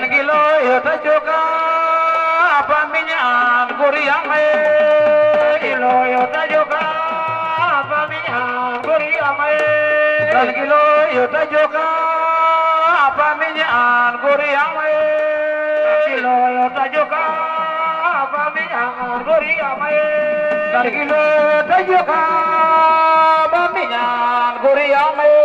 tan gilo yota joka apa minyan guriang e gilo yota joka apa minyan guriang e tan gilo yota joka apa minyan guriang e gilo yota joka apa minyan guriang e tan gilo yota joka apa minyan guriang e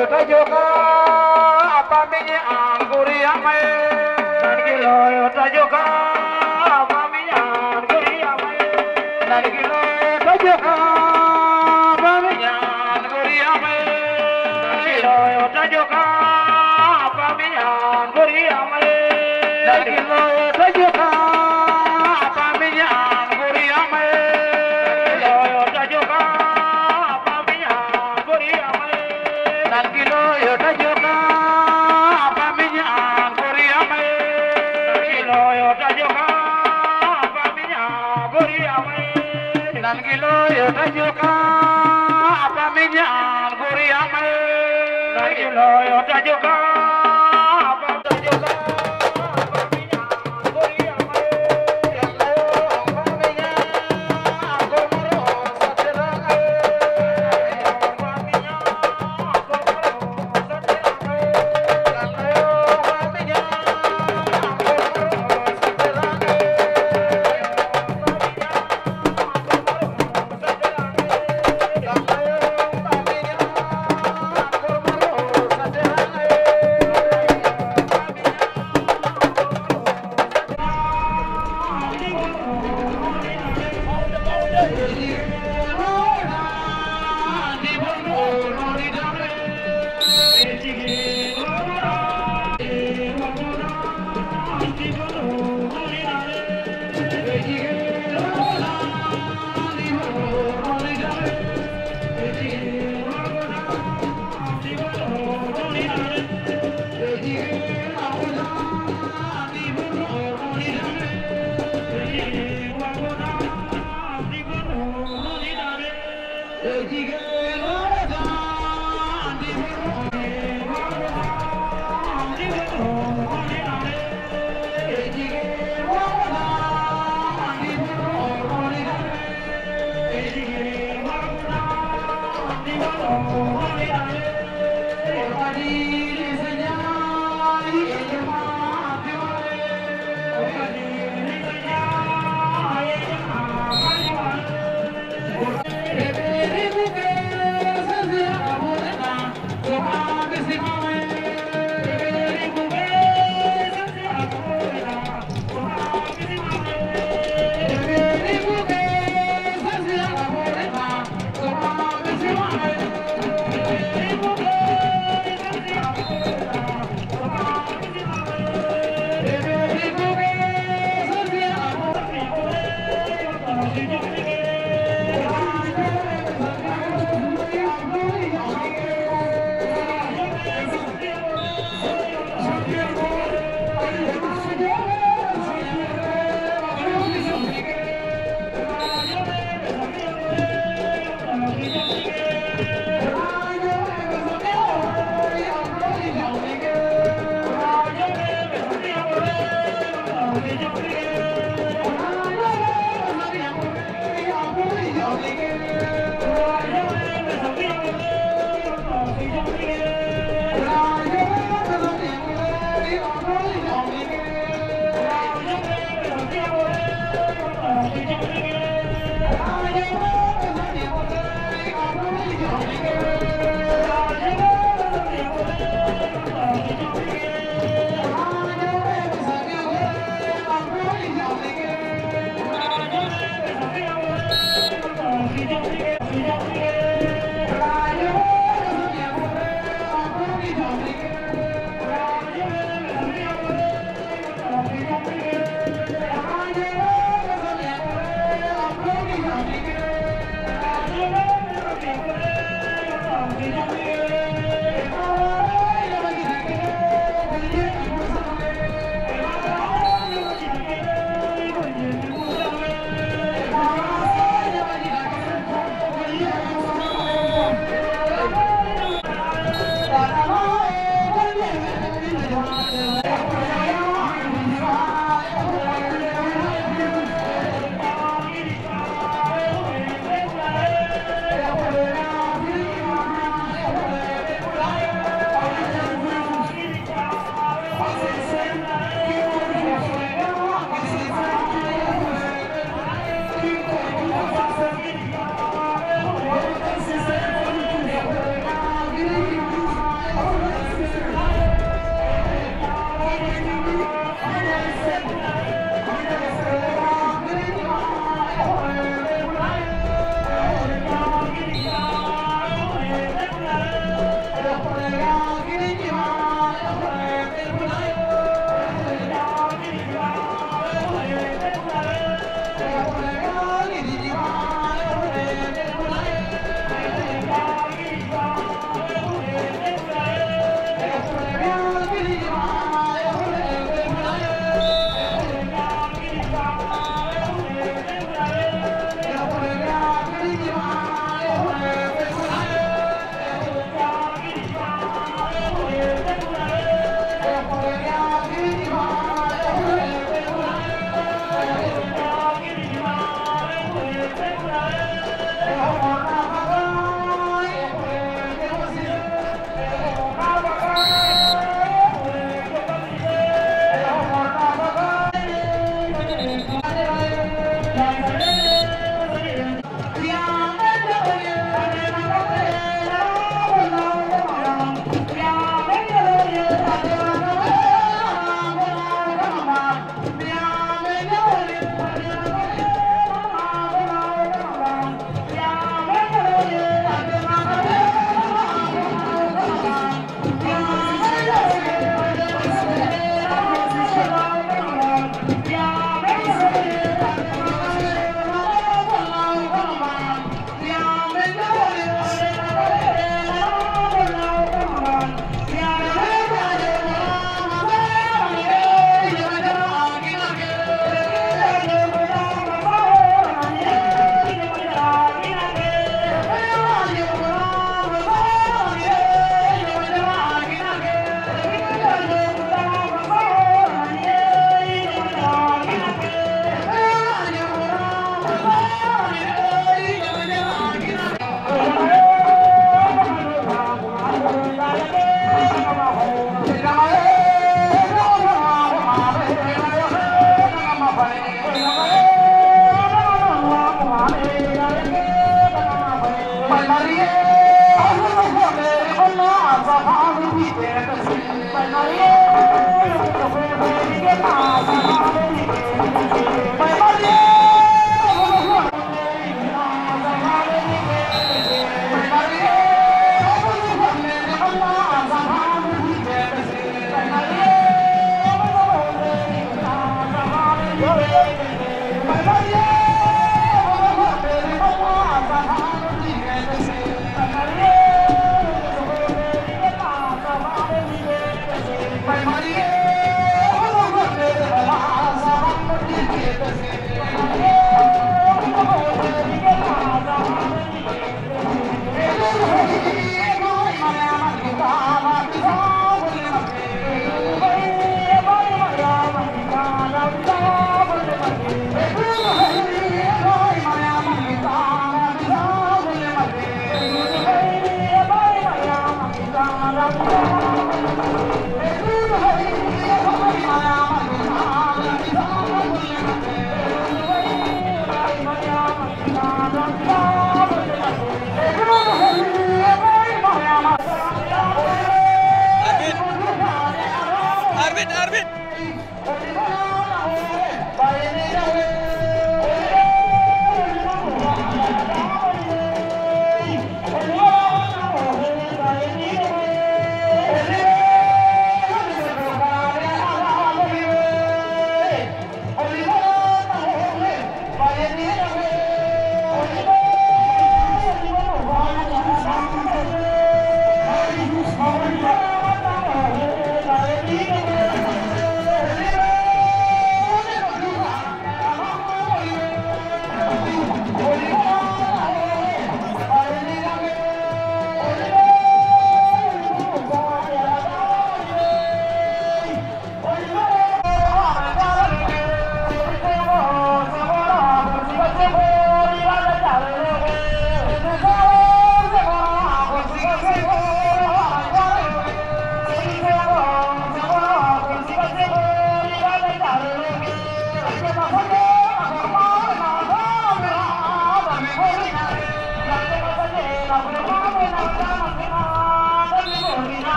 ka joka apa mini angkuri amai Kilo yo ta joka Lord, you're القدير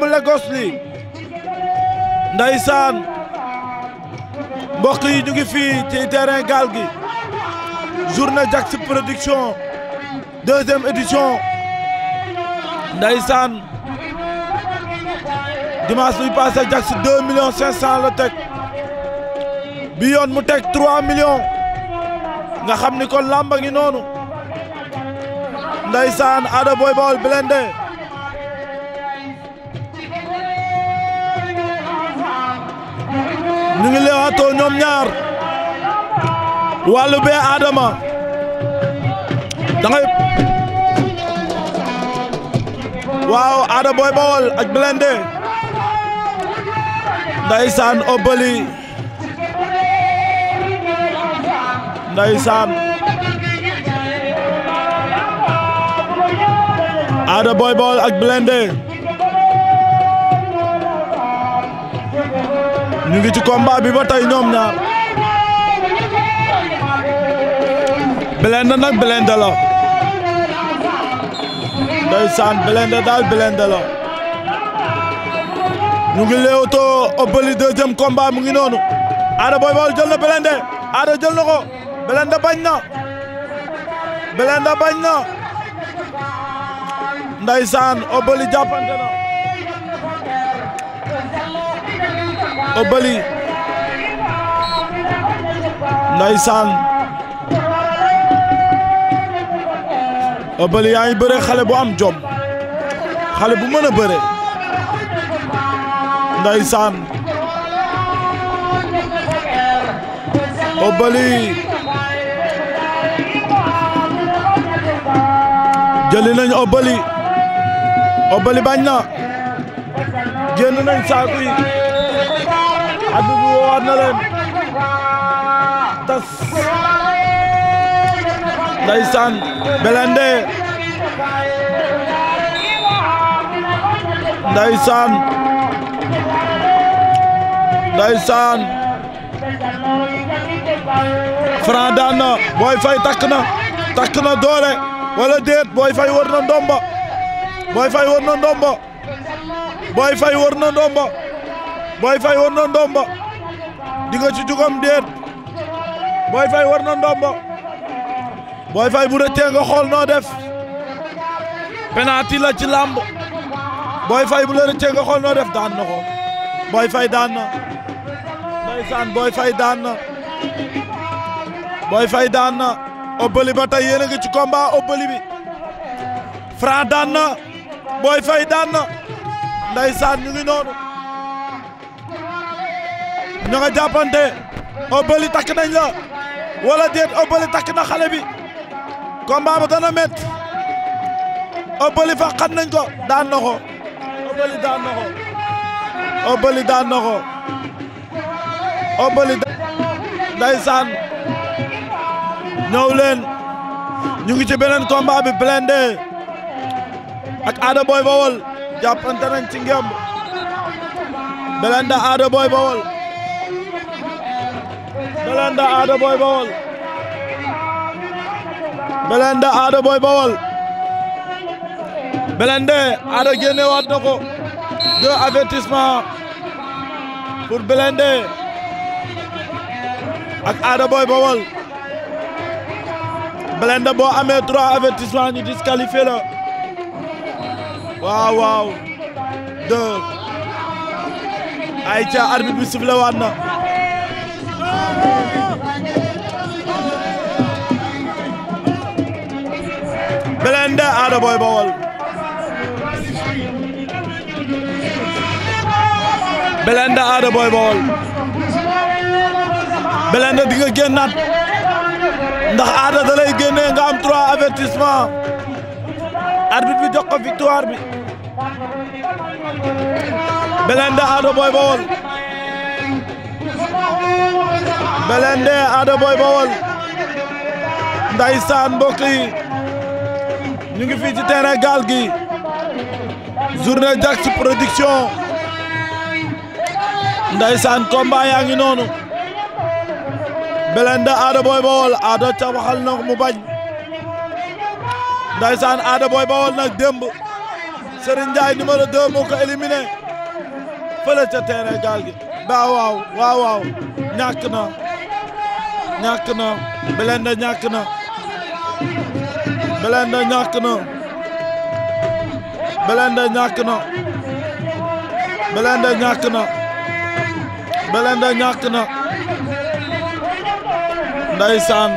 lamb Lagos li ndeysaan yi ñu ngi fii ci terrain gaal gi journée Diaks production deuxième édition ndeysaan dimanche bi passé Diaks deux millions cinq cent la teg bi yoon mu teg trois millions nga xam ni kon lamba ngi noonu ndeysaan Ada Boy Baol Blindé ñoom ñaar wàllu bee Adama da ngay Ada Boy Baol ak Blindé ñu ngi ci combat bi ba tey ñoom ñaar Blindé nag Blindé la ndeysaan daal Blindé la ñu ngi léewtoo ëppali deuxième combat mu ngi noonu Ada Boy Baol jël na Blindé Ada jël na ko bañ na Blindé bañ na ndeysaan ëppali jàppante na Obeuli ndeysaan Obeuli yaa ngi bëre xale bu am jom xale bu mën bëre ndeysaan Obeuli jëli nañ Obeuli Obeuli bañ na génn nañ abi bu woowaat na leen tas ndeysaan Belende ndeysaan ndeysaan Franc daan na Boy Faye takk na takk na doole wala déet Boy Faye war na ndomba Boy Faye war na ndomba Boy Faye war na ndomba Boy Faye war na ndomba di nga ci jugam déet Boy Faye war na ndomba Boy Faye bu rëccee nga noo def penalty la ci làmb Boy Faye bu la rëccee noo def daan na ko Boy Faye daan na ndeysaan Boy Faye daan na Boy Faye daan na Obeuli ba tey yéen a ngi bi Franc daan na Boy Faye daan na ndeysaan ñu ngi noonu ñoo nga jàppante Obeuly takk nañ la wala déet Obeuly takk na xale bi combat ba dana met Obeuly fa xat nañ ko daan na ko daan na ko Obeuly daan na leen ñu ngi ci beneen combat bi Blindé ak Ada Boy Baol jàppante nañ ci ngemb Blindé Ada Boy Baol Belenda Ada Boy Baol Belenda Ada Boy Baol Belende Ada génne waat na ko deux avertissements pour Belende ak Ada Boy Baol Belende boo amee trois avertissements ñu disqualifié waaw waaw deux ay ca arbitre bi sifflé waat na Blindé Ada Boy Baol Blindé Ada Boy Baol Blindé di nga génnaat ndax Ada da lay nga am trois avertissement arbitre bi jox ko victoire bi Blindé Ada Boy Baol Belende Ada Boy Bawol ndeysaan mbokk yi ñu ngi fii ci terrain Gaal gi journée Diaks production ndeysaan combat yaa ngi noonu Belende Ada Boy Bawol Ada cabaxal mu bañ ndeysaan Ada Boy Bawol nag démb Serigne Ndiaye numéro 2 moo ko éliminé fële ca waaw waaw waaw waaw ñàkk na ñàkk na Blindé ñàkk na Blindé ñàkk na Blindé ñàkk na Blindé ñàkk na Blindé ñàkk na ndeysaan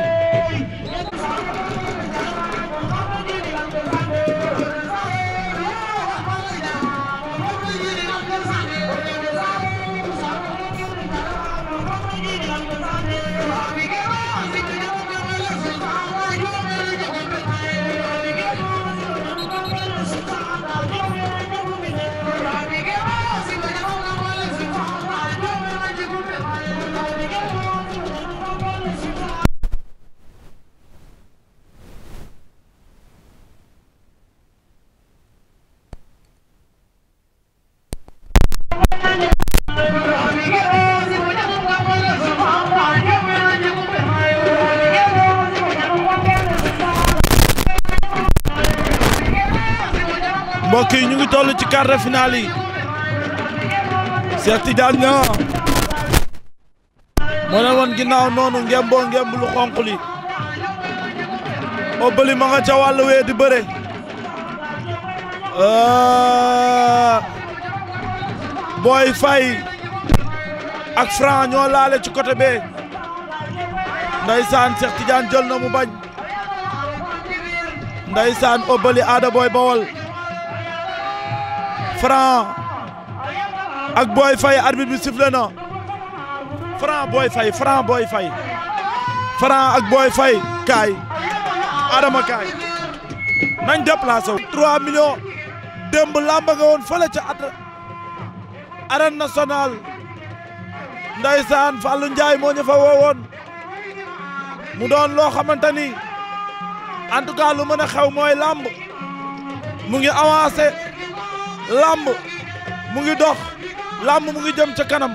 quart de finale yi Cheikh Tidiane Niang moo leen ginnaaw noonu ngem ngemb lu xonq li Obeuli ma nga ca wàllu wee di bëre euh, Boy Faye ak Franc ñoo laale ci côté bee ndaysaan Cheikh Tidiane jël na mu bañ ndaysaan Obeuli Ada Boy Bawol Franc ak Boy Faye arbitre bi sifflé na Franc Boy Faye Franc Boy Faye Franc ak Boy Faye kaay Adama kaay nañ déplacé wu. 3 millions démb lamba nga woon fële ca at arène nationale ndeysaan Fallou moo ñu woowoon mu doon loo xamante ni en mën a xew mooy lamb mu ngi avancé. làmb mu ngi dox làmb mu ngi jëm ca kanam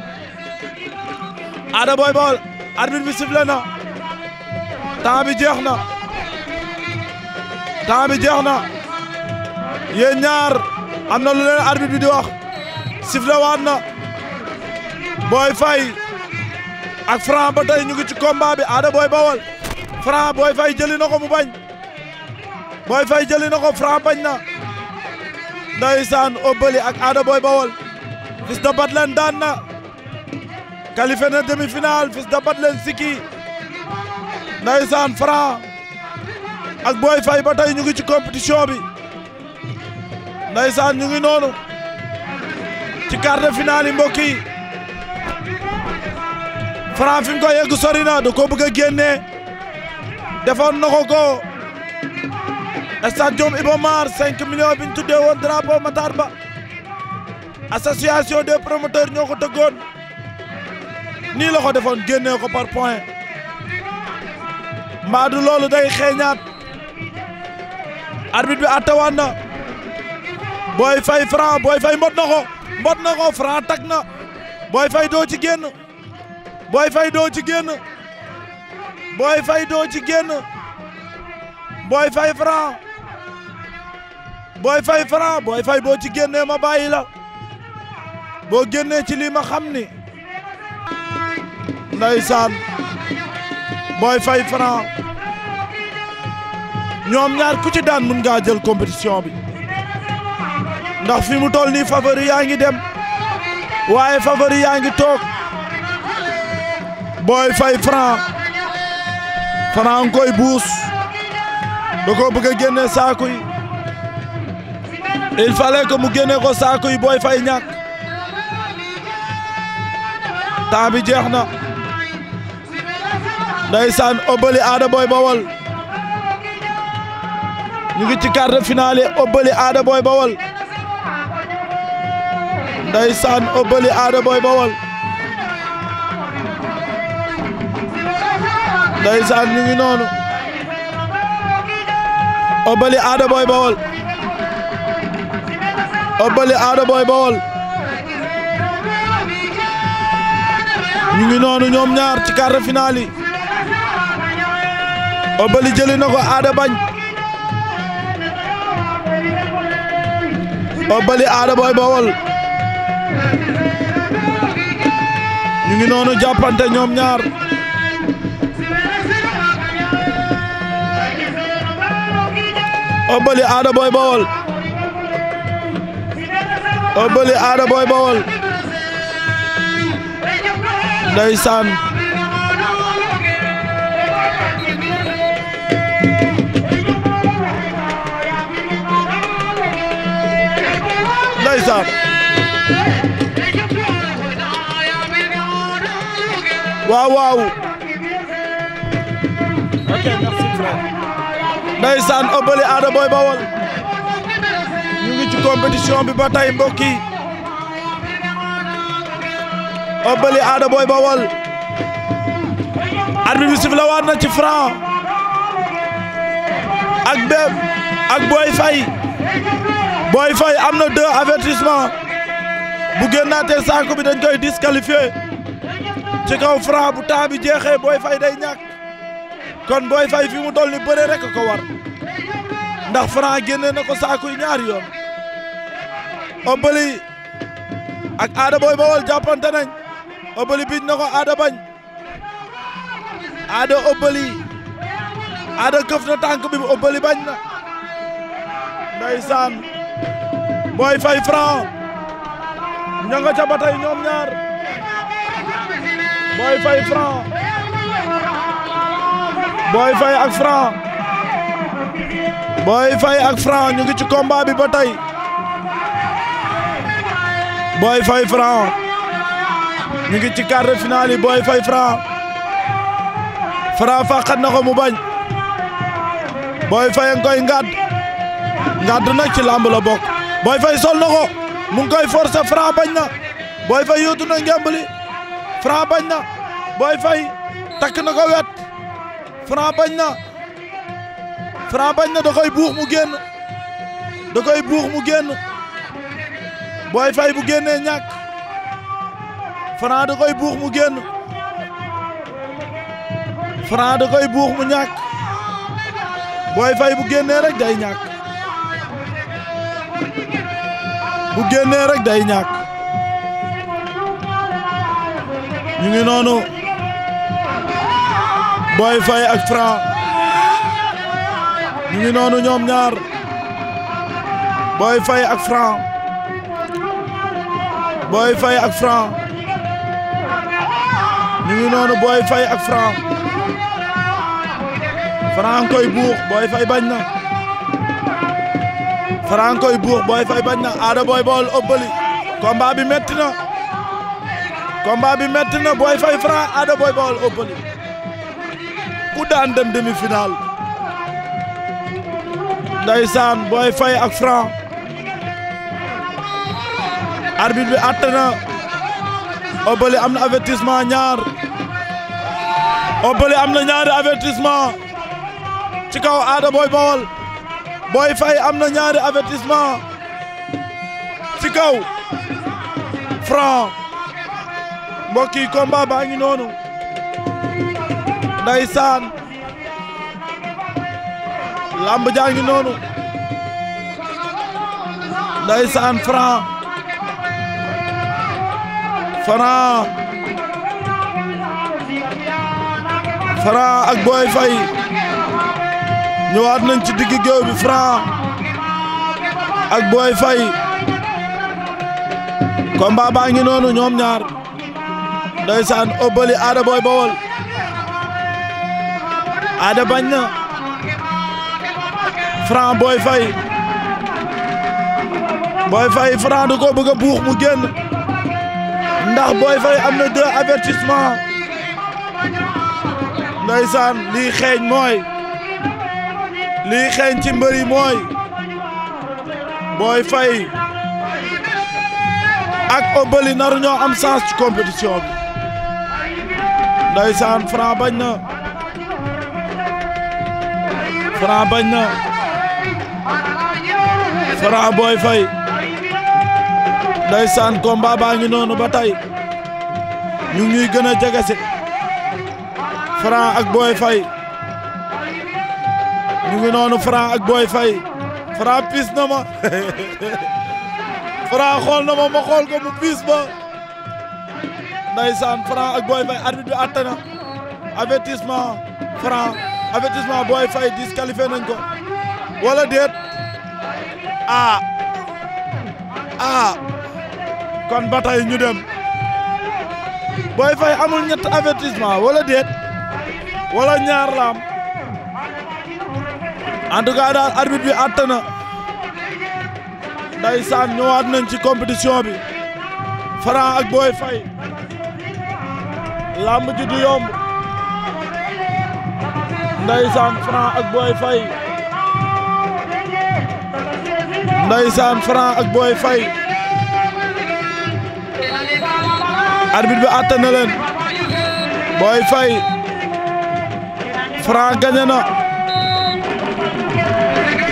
Ada Boy Baol arbitre bi sifflé na temps bi jeex na temps bi jeex na yéen ñaar am na lu leen arbitre bi di wax sifflé waat na Boy Faye ak Franc ba ñu ngi ci Ada Boy Baol Franc Boy Faye jëli na ko mu bañ Boy Faye jëli na ko Franc bañ na ndaysaan Obeuli ak Ada Boy Bawol Fils de daan na qualifié na demi-finale Fils de Batlen siki ndaysaan Franc ak Boy Faye ba tey ñu bi ndaysaan ñu ngi ci quart de finale yi fi mu ko yegg sori na da ko stade Iba Mar 5 millions bi ñu tuddee woon drapeau Matar Ba association des promoteurs ñoo ko tëggoon nii la ko defoon génnee ko par point mbaa loolu day xeeñaat arbitre bi attewaan na Boy Faye Franc Boy Faye mbot ko mbot na ko Franc tak na Boy doo ci génn Boy Faye doo ci génn Boy Faye doo ci génn booy fay franc booy fay boo ci génnee ma bàyyi la boo génnee ci lii ma xam ni ndeysaan booy fay franc ñoom ñaar ku ci daan mën ngaa jël compétition bi ndax fi mu toll nii favori yaa ngi dem waaye favori yaa ngi toog booy fay franc franc koy buus da ko bëgg a génne yi il fallait que mu génne ko saako yi booy fay ñàkk temps bi jeex na ndeysaan Obeuli Ada Boy Baol ñu ngi ci quart de finale Obeuli Ada Boy Baol ndeysaan Obeuli Ada Boy Baol ndeysaan ñu ngi noonu Obeuli Ada Boy Baol Obeuli Ada Boy Baol ñu ngi noonu ñoom ñaar ci quart de finale jëli na ko Ada bañ Obeuli Ada Boy Baol Obeuli Ada Boy Baol ndeysaan ci bi ba tey mbokk yi Obeuli Ada Boy Baol arbitre bi sifflé waat na ci Franc ak Bébé ak Boy Faye Boy Faye am na deux avertissement bu génnaatee saako bi dañ koy disqualifié ci kaw Franc bu temps bi jeexee booy Faye day ñàkk kon Boy Faye fi mu toll ni bëre rek ko war ndax Franc génne na ko saako yi ñaari yoon Obeuli ak Ada Boy Baol jàppante nañ Obeuli biij na ko Ada bañ Ada Obeuli Ada këf na tànk bi Obeuli bañ na ndeysaan Boy Faye Franc ña nga ca ba ñoom ñaar Boy Faye Franc Boy Faye ak Franc ñu ngi ci combat Boy Faye Franc ñu ngi ci quart de finale yi Boy Faye Franc Franc fàqat na ko mu bañ Boy Faye nga koy ngàdd ngàdd ci làmb la bokk Boy sol na mu ngi koy forcer bañ na Boy Faye yóotu na ngemb li bañ na Boy Faye takk na wet Franc bañ na Franc bañ na da koy buux mu génn da koy buux mu génn booy Faye bu génnee ñàkk Franc da koy buux mu génn Franc da buux mu ñàkk Boy Faye bu génnee rek day ñàkk bu génnee rek day ñàkk ñu noonu Boy Faye ak Franc ñu ngi noonu ñoom Boy Faye ak Franc ñu noonu Boy Faye ak Franc Franc koy buux Boy Faye bañ na Franc koy buux Boy Faye bañ na Ada Boy Baol Obeuli combat bi metti na combat bi metti na Boy Faye Franc Ada Boy Baol Obeuli ku daan dem demi-finale ndeysaan Boy Faye ak Franc arbitre bi àtte na am na avertissement ñaar Obeuly am na ñaari avertissement ci kaw aada Boy Baol Boy Faye am na ñaari avertissement ci kaw Franc mbokk yi combat baa ngi lamb jaa ngi noonu ndeysaan Franc Franc ak Boy Faye ñëwaat nañ ci digg géew bi Franc ak Boy Faye combat baa ngi noonu ñoom ñaar ndeysaan Obeuli Ada Boy Baol Ada bañ na Franc Boy Faye Boy Faye Franc du ko bëgg buux mu génn ndax Boy Faye am na deux avertissement ndeysaan lii xeeñ mooy lii xeeñ ci mbëri mooy Boy Faye ak Obeuli naru ñoo am sens ci compétition bi ndeysaan Franc bañ na Franc bañ na Franc Boy Faye ndeysaan combat baa ngi noonu ba tey ñu ngi ñuy gën a jegesi Franc ak Boy Faye ñu ngi noonu Franc ak Boy Faye Franc piis na ma Franc xool na ma ma xool ko mu piis ba ndeysaan Franc ak Boy Faye arbitre bi àtte na avertissement Franc avertissement Boy Faye disqualifié nañ ko wala déet ah, ah. kon ba tey ñu dem Boy Faye amul ñett avertissement wala déet wala ñaar laam en daal arbitre bi àtt na ndeysaan ñëwaat nañ ci compétition bi Franc ak Boy Faye lamb ji du yomb ndeysaan Franc ak Boy Faye ndeysaan Franc ak Boy Faye arbitre bi àtte na leen Boy Faye Franc gagné na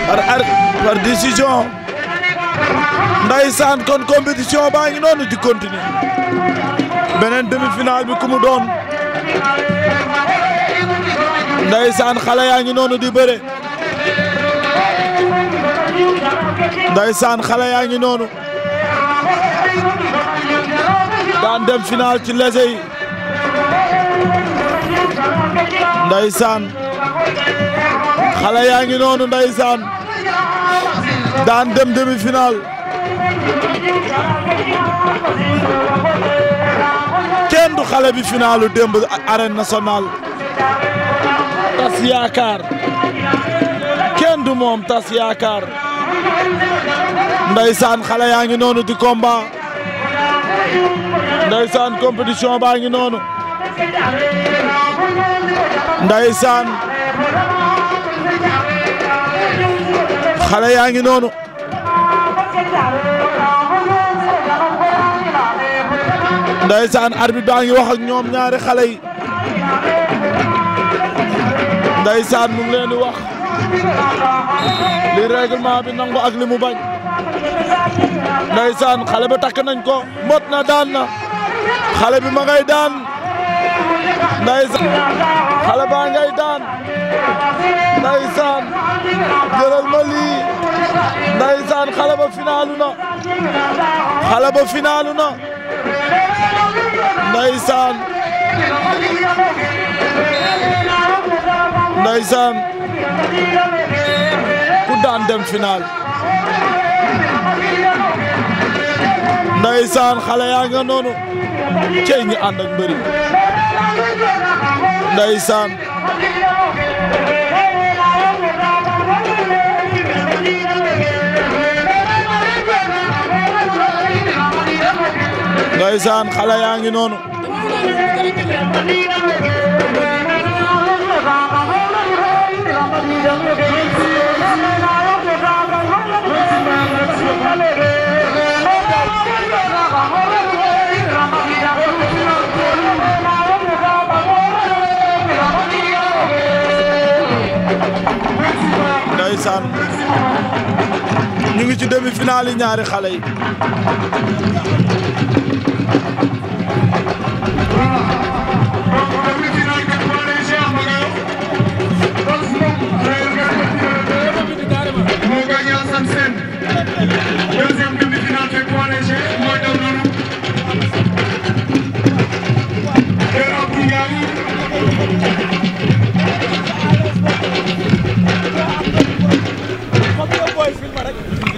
par ar par décision ndaysaan kon compétition baa noonu di continuer beneen demi-finale bi ku mu doon ndaysaan xale yaa ngi noonu di bëre ndaysaan xale yaa ngi noonu daan dem final ci lese yi ndeysaan xale yaa ngi noonu ndeysaan daan dem demi final kenn du xale bi finalu démb arène nationale tas yaakaar kenn du moom tas yaakaar ndeysaan xale yaa ngi noonu di combat Ndeysaan compétition baa ngi noonu Ndeysaan xale yaa ngi noonu Ndeysaan arbitre baa ngi wax ñoom ñaari xale yi Ndeysaan mu ngi leen di wax li règlement bi nangu ak mu bañ Ndeysaan xale ba takk nañ ko mot na daan na xale bi ma ngay daan ndeysaan xale baa ngay daan ndeysaan jëlal ma lii xale ba finaalu na xale ba finaalu na ndeysaan ndeysaan ku daan ndeysaan xale yaa nga noonu cey ngi noonu ndeysaan ñu ngi ci demi-finale ñaari xale yi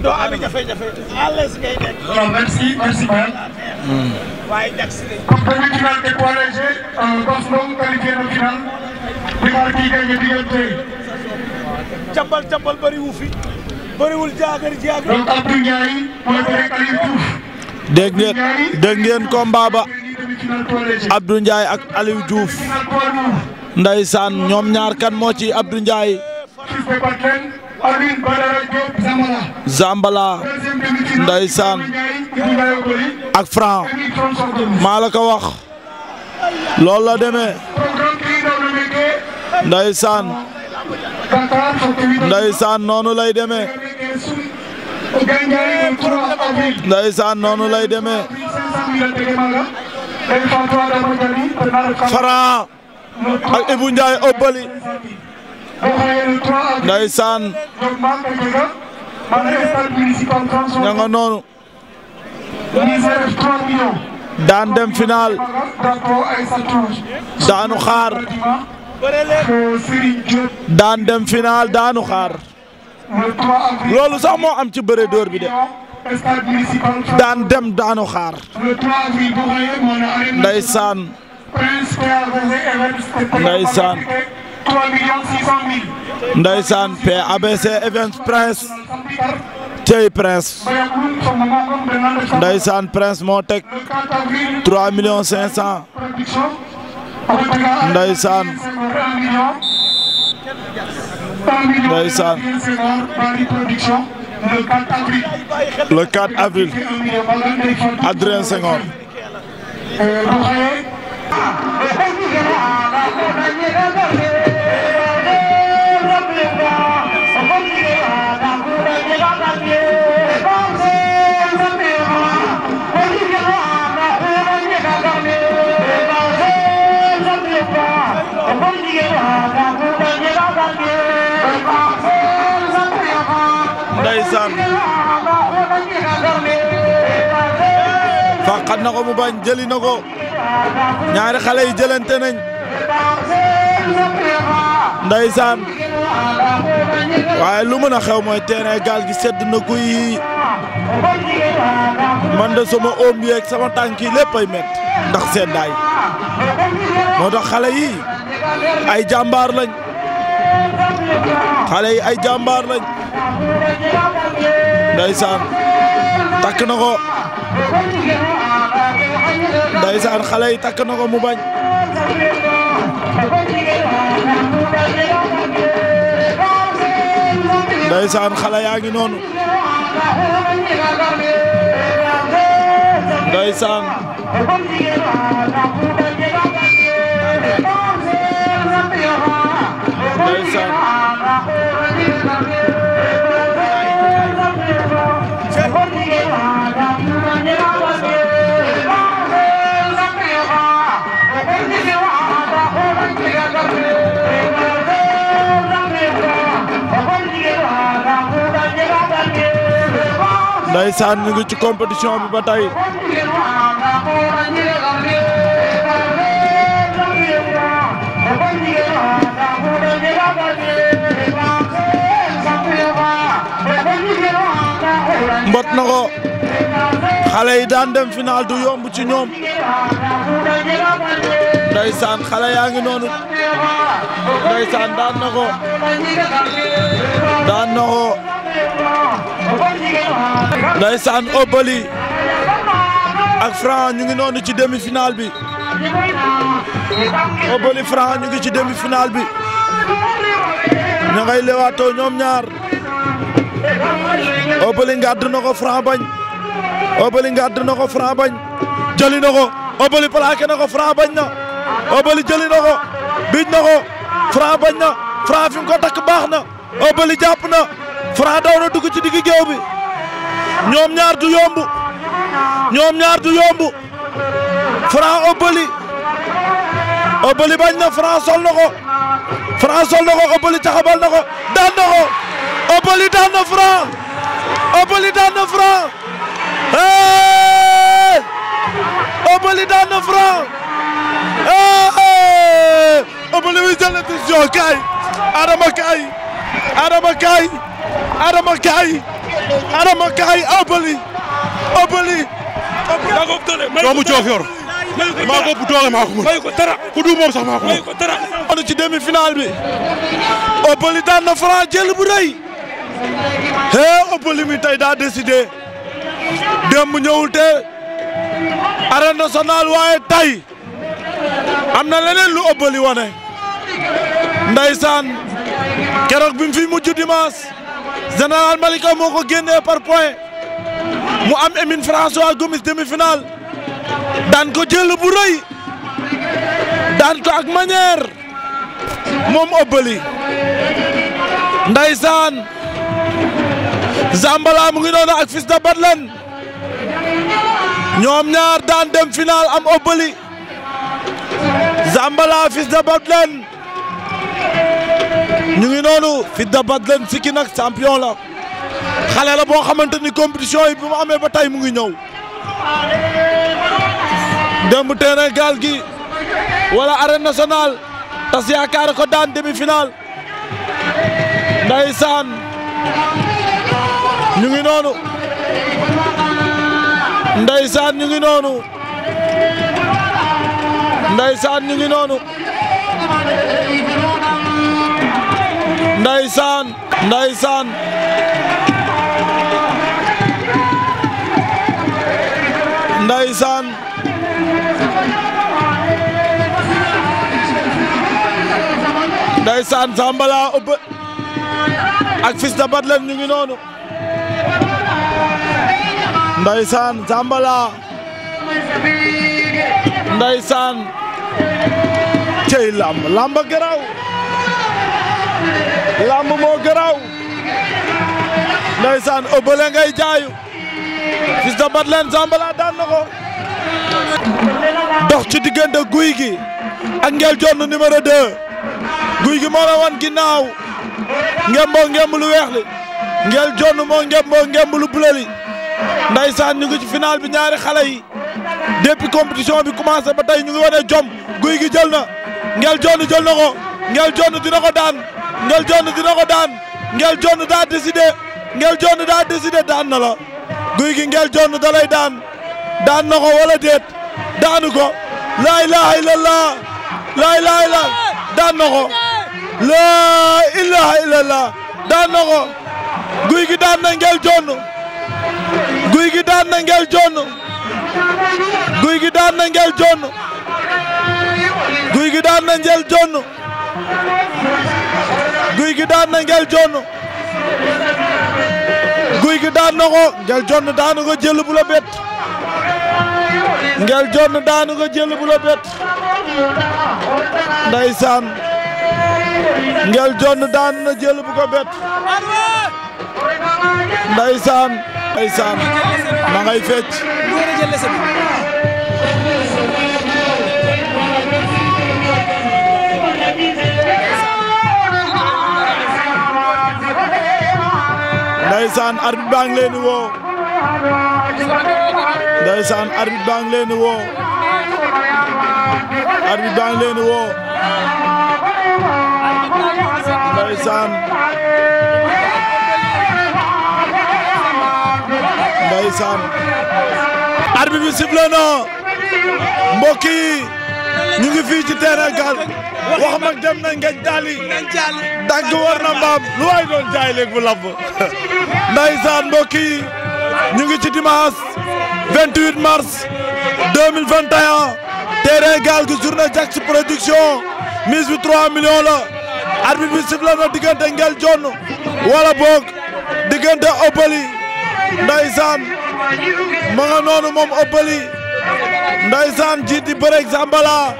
doo amee jafe-jafe à l'aise ngay nekk. waaw euh, fi. bëriwul jaagar jaagar. donc Abdou Ndiaye mooy bëri Aliou Diouf. dégg ngeen dégg ngeen combat ak Aliou Diouf. ndeysaan ñoom ñaar moo ci Abdou Ndiaye. Zambala Ndeysaan ak Franc maa la ko wax loolu la demee Ndeysaan Ndeysaan noonu lay deme Ndeysaan noonu lay demee Franc ak Ibou Ndiaye Obali ña nga noonu. daan dem final. daanu xaar. daan dem final loolu sax moo am ci bëre dóor bi de. daan dem daanu xaar. ndeysaan. 3 millions 600 mille. Ndeysaan P ABC Events Prince. Cey Prince. Ndeysaan Prince moo teg 3 millions 500. Ndeysaan. Ndeysaan. le 4 avril. Adrien Senghor. Euh, ndeysaan na ko mu bañ jëli na ko ñaari xale yi jëlante nañ ndeysaan waaye lu mën a xew mooy terrain gaal gi sedd na guy man de sama oom yeeg sama tànk yi lépp ay métti ndax seddaay moo tax xale yi ay jàmbaar lañ. xale yi ay jàmbaar lañ ndeysaan takk na ko ndeysaan xale yi takk na ko mu bañ ndeysaan xale yaa ngi noonu ndeysaan ndeysaan ñu ngi ci compétition bi ba tey mbot na ko yi daan dem final du yomb ci ñoom ndeysaan xale yaa ngi noonu ndeysaan daan na daan na ko ndeysaan Obali ak Franc ñu ngi noonu ci demi final bi Obali Franc ñu ngi ci demi final bi ña ngay ñoom ñaar Obeuli ngàdd na ko bañ Obeuli ngàdd na ko bañ jëli na ko Obeuli plaqué na bañ na Obeuli jëli na ko biij na bañ na Franc fi ko takk baax na Obeuli jàpp na Franc daw na ci digg géew bi ñoom ñaar du yomb ñoom ñaar du yomb Franc Obeuli Obeuli bañ na Franc sol na ko Franc sol na ko Obeuli taxabal na Obeuli daan na Franc Obeuli daan na Franc hey Obeuli daan na Franc hey Obeuli wi jël na décision kaay Adama kaay Adama kaay Adama kaay Adama kaay Obeuli Obeuli daa ko doole doomu Diofior maa ko doole maa ko mën ku du moom sax maa ko mën ci demi-finale bi Obeuli daan na Franc jël bu rëy hee ëpp limi tey daa décidé démb ñëwul te arène nationale waaye tey am na leneen lu ëppali wane ndeysaan keroog bi mu fi mujj dimanche général moo ko génnee par point mu am Emine François Gomis demi daan ko jël bu rëy daan ko ak manière moom ëppali ndeysaan Zambala mu ngi noonu ak Fils de Batlen ñoom ñaar daan dem final am obali Zambala Fils Batlen ñu ngi noonu Fils de Batlen sikki nag champion la xale la boo xamante ni compétition yi bi mu amee ba tey mu ngi ñëw démb terrain gaal gi wala arène nationale tas yaakaar ko daan demi final ndeysaan ñu ngi noonu ndeysaan ñu ngi noonu ndeysaan ñu ngi noonu ndeysaan ndeysaan ndeysaan ndeysaan Sambala ëpp ak Fils de Batlem ñu ngi noonu ndaysaan Zambala ndaysaan cey lamb lamb garaw lamb moo garaw ndaysaan ëbbale ngay jaayu Fils de Batlem Zambala daan na dox ci diggante guy gi ak ngeel jonn numéro 2 guy gi moo la wan ginnaaw ngemboo ngemb lu weex li ngeel jonn moo ngemboo ngemb lu bula li ndaysaan ñu ngi ci final bi ñaari xale yi depuis compétition bi commencé ba tey ñu ngi wane jom guy gi jël na ngeel jonn jël na ko ngeel jonn dina ko daan ngeel jonn dina ko daan ngeel jonn daa décidé ngeel jonn daa décidé daan na la guy gi ngeel jonn da lay daan daan na ko wala déet daanu ko laay laay la laa laay la daan na ko laa ilaha illallah daan na guy gi daan ngel jonn guy gi daan ngel jonn guy gi daan ngel jonn guy gi daan na ngel jonn guy gi daan na ngel jonn guy gi daan na ko ngel jonn jël bu la ngel jonn daanu ko jël bu la bett ndeysaan Ngel Jonn daan na jël bu ko bett ndeysaan ndeysaan ma ngay fecc ndeysaan arbitre baa ngi leen woo ndeysaan arbitre baa ngi leen woo arbitre baa leen woo ndeysaan ndeysaan arbitre bi sifflé na mbokk ñu ngi fii ci terrain gal wax mag dem nañ nga daali dagg war na mbaam lu waay doon jaay léegi bu lamb ndeysaan mbokk yi ñu ngi ci dimanche 28 mars 2021 terrain gal gi journée Jax production mise bi 3 millions la arbitre bi sifflé na diggante Ngel Jonn wala boog diggante Obali ndeysaan ma nga noonu moom Obali ndeysaan jiiti bëreg Zambala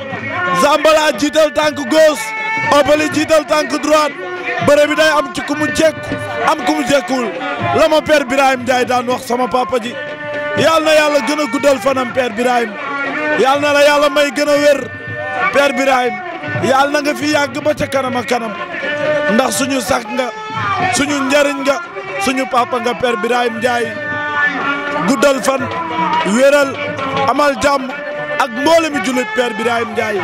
Zambala jiital tànk gauche Obali jiital tànk droite bëre bi day am ci ku am ku mu la ma père Birahim Ndiaye daan wax sama papa ji yàlla na yàlla gën a guddal fanam père Birahim yàlla na la yàlla may gën a wér père yàlla na nga fi yàgg ba ca kanama ak kanam ndax suñu sax nga suñu njariñ nga suñu papa nga père Birahim Ndiaye guddal fan wéral amal jàmm ak mboole mi jullit père Birahim Ndiaye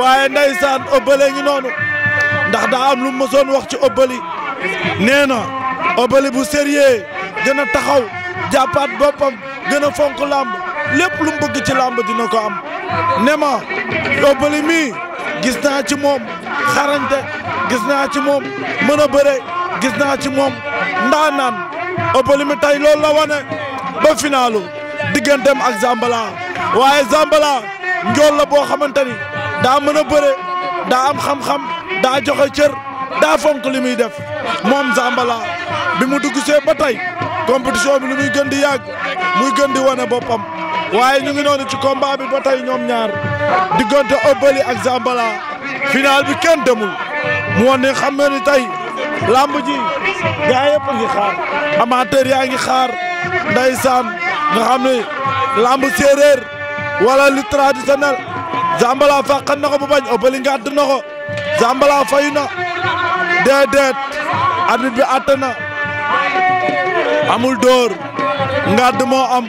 waaye ndeysaan ëbbalee ngi noonu ndax daa am lu mësoon wax ci ëbbali nee na ëbbali bu sérieux gën a taxaw jàppaat boppam gën a fonk làmb lépp lu mu ci làmb dina ko am ne ma ëbbali mii gis naa ci moom xarañte gis naa ci moom mën a bëre gis naa ci moom ndaanaan ëppali mi tey loolu la wane ba finaalu digganteem ak Zambala waaye Zambala njool la boo xamante ni daa mën a bëre daa am xam-xam daa joxe cër daa fonk li muy def moom Zambala bi mu dugg see ba tey compétition bi lu muy gën di yàgg muy gën di wane boppam. waaye ñu ngi noonu ci combat bi ba tey ñoom ñaar diggante Obeuli ak Zambala final bi kenn demul mu woon ne xam ni tey làmb ji gaa yëpp a xaar amateur yaa ngi xaar ndeysaan nga xam ne làmb séeréer wala li traditionnel Zambala fàqan na ko bu bañ Obeuli ngàdd na ko Zambala fayu na déedéet arbitre bi àtt na amul dóor ngàdd moo am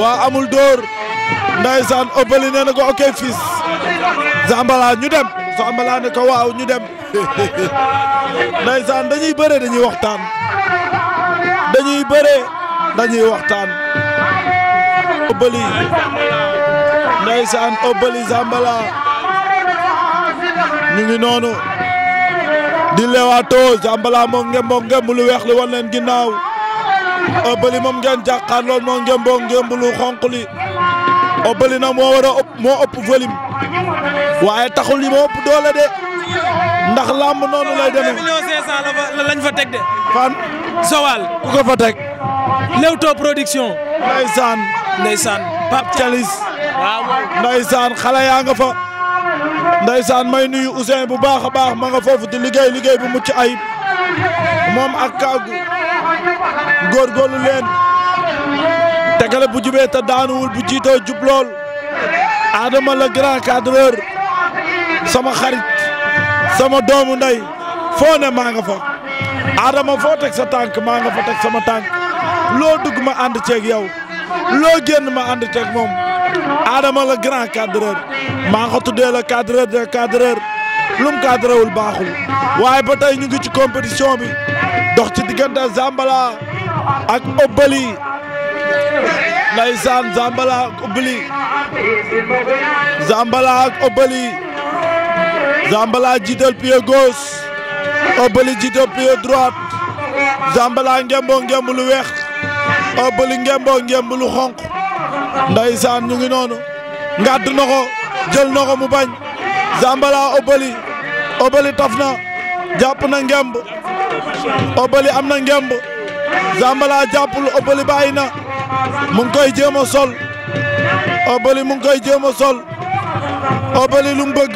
waa amul dóor ndaysaan Obeuly nee na ko ok fils Zambala ñu dem Zambala ne ka waaw ñu dem ndaysaan dañuy bëre dañuy waxtaan dañuy bëre dañuy waxtaan Obeuly ndaysaan Obeuly Zambala ñu ngi noonu di lewaatoo Zambala moo ngem moo ngem lu weex li wan leen ginnaaw Obeuly moom ngeen jàkkaarloo moo ngeen boo ngeen lu xonq li Obeuly na moo war a ëpp moo ëpp volume waaye taxul li moo ëpp doole de ndax làmb noonu lay demee. 2 fan. Sowal ku ko fa teg. Leewtoo production. Ndeysaan. Ndeysaan Pape Thialis. waaw xale yaa nga fa. Ndeysaan may nuyu Ousseyn bu baax a baax ma nga foofu di liggéey liggéey bu mucc ayib moom ak kàggu. góor góorgóorlu leen tegale bu jubee te daanuwul bu jiitoo jub lool Adama le grand cadreur sama xarit sama doomu ndey foo ne maa nga fa Adama foo teg sa tànk maa nga fa teg sama tànk loo dugg ma ànd ceeg yow loo génn ma ànd ceeg moom Adama le grand cadreur maa ko tuddee la cadreur des cadreurs lum cadrewul baaxul waaye ba tey ñu ngi ci bi. dox ci diggante Zambala ak Obali ndeysaan Zambala ak ak Obali Zambala jiital pied gauche Obali jiital pied droite Zambala ngembo ngemb lu weex Obali ngembo ngemb lu xonq ndeysaan ñu ngi noonu ngàdd na mu bañ Zambala Obali Obali taf na ngemb Obeuly am na ngemb Zambala jàppul Obeuly bàyyi na mu ngi koy jéem a sol Obeuly mu ngi koy jéem a sol Obeuly lu mu bëgg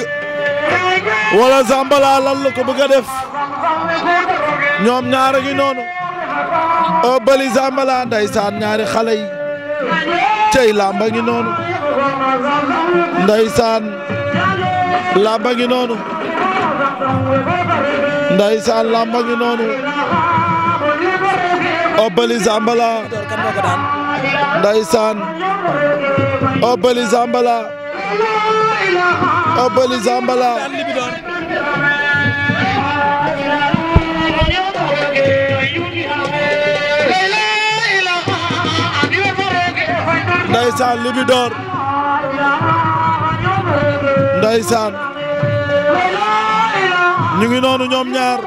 la ko bëgg a def ñoom ñaar a ngi noonu Obeuly Zambala ndeysaan ñaari xale yi cey làmba ngi noonu ndeysaan làmba ngi noonu Ndeysaan làmb ngi noonu Obali Zambala Ndeysaan Obali Zambala Obali Zambala Ndeysaan Libidor Ndeysaan ñu ngi noonu ñoom ñaar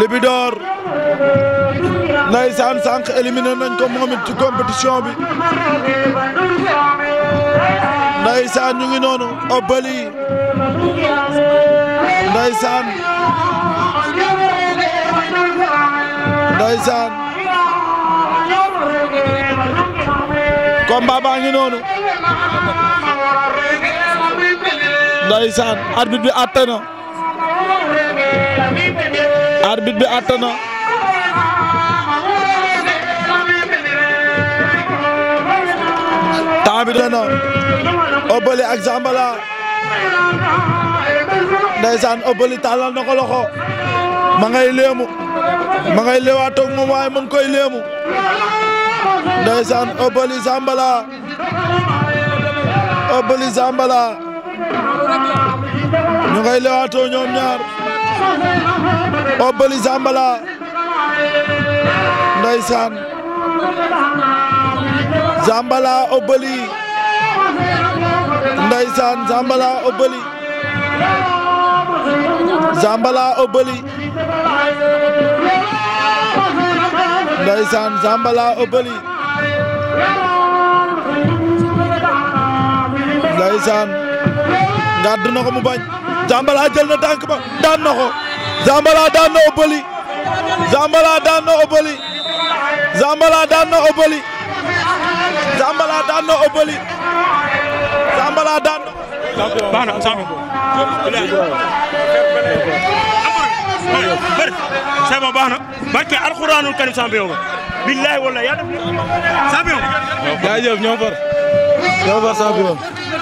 Libidor ndeysaan sànq éliminé nañ ko moom it ci compétition bi ndeysaan ñu ngi noonu Obali ndeysaan ndeysaan combat baa ngi noonu ndeysaan arbitre bi àtte bi àtte na temps bi dana Obeuli ak Zambala ndeysaan Obeuli tàllal na ko ma ngay léemu ma ngay léewaatoo ak moom waaye ma ngi koy léemu ndeysaan Obeuli Zambala Obeuli ñu ngay lewaatoo ñoom ñaar Obeuli Zambala ndeysaan Zambala Obeuli ndeysaan Zambala Obeuli gàdd na ko bañ Zambala jël na tànk ba daan na ko Zambala daan na Obeuly Zambala daan na Obeuly Zambala daan na Obeuly Zambala daan na baax na sàmm bëri karim champion nga billahi yaa def champion jaajëf ñoo far ñoo far